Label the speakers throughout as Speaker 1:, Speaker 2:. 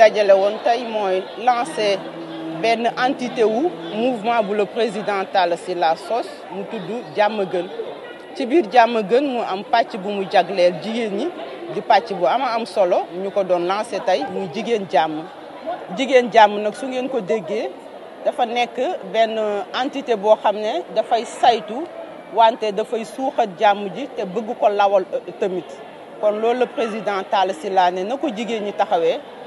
Speaker 1: dajale woon tey mooy lancé benn entité wu mouvement bu le président Talla la sos mu tudd jàmm gën ci biir jàmm gën mu am pàcc bu mu jagleel jigéen ñi di pàcc bu ama am solo ñu ko doon lancé tey muy jigéen jàmm jigéen jàmm nag su ngeen ko déggee dafa nekk benn entité boo xam ne dafay saytu wante dafay suuxat jàmm ji te bëgg ko lawal euh, tamit kon loolu la président Talla laa ne na ko jigéen ñi taxawee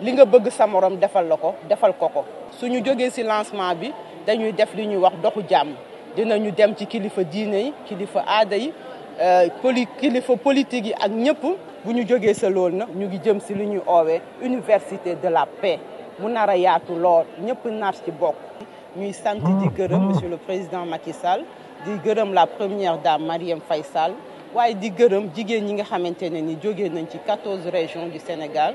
Speaker 1: li nga bëgg sa morom defal la ko defal ko ko su ñu jógee ci lancement bi dañuy def li ñuy wax doxu jàmm dinañu dem ci kilifa diine yi kilifa aada yi euh, poli kilifa politique yi ak ñëpp bu ñu jógee sa lool nag ñu ngi jëm si li ñuy oowee université de la paix mu nar yaatu lool ñëpp nar ci bokk ñuy sant di gërëm monsieur le président Macky Sall di gërëm la première dame Marième Faye Sall waaye di gërëm jigéen ñi nga xamante ne ni jógee nañ ci quatorze régions du Sénégal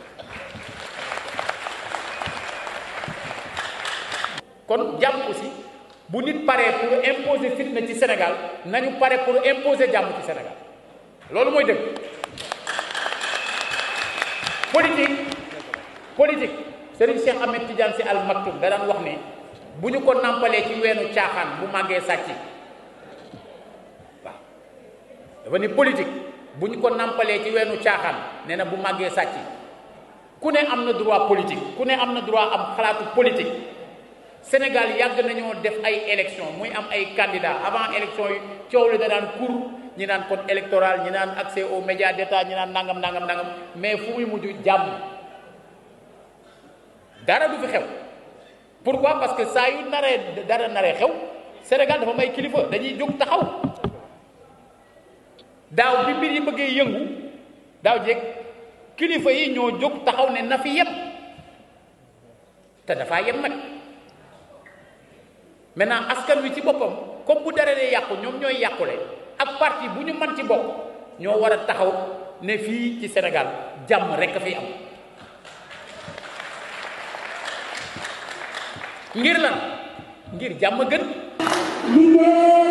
Speaker 2: kon aussi bu nit pour imposer fitna ci Sénégal nañu pare pour imposer jàmm ci Sénégal loolu mooy dëgg politique politique Serigne Cheikh Ahmed Tidiane Al Maktoum da daan wax ne bu ñu ko nàmpalee ci weenu caaxaan bu màggee sàcc waaw dafa ni politique bu ñu ko nàmpalee ci weenu caaxaan nee bu màggee ku ne droit politique ku ne am droit am la politique Sénégal yag nañu def ay élection muy am ay candidat avant élection yi coow li da daan cour ñi naan code électoral ñi naan accès aux médias d'état ñi naan nangam nangam nangam mais fu muy mujj jàmm dara du fi xew pourquoi parce que saa yu n'aré dara n'aré xew Sénégal dafa may kilifa dañuy jog taxaw daw bi mbir yi bëggee yëngu daw jek kilifa yi ñoo jog taxaw ne na fi yem te dafa yem nag maintenant askan wi ci boppam comme bu dara dee yàqu ñoom ñooy yàqule ak parti bu ñu mën ci bokk ñoo war a taxaw ne fii ci senegal jàmm rek a fi am ngir lan ngir jàmm gën.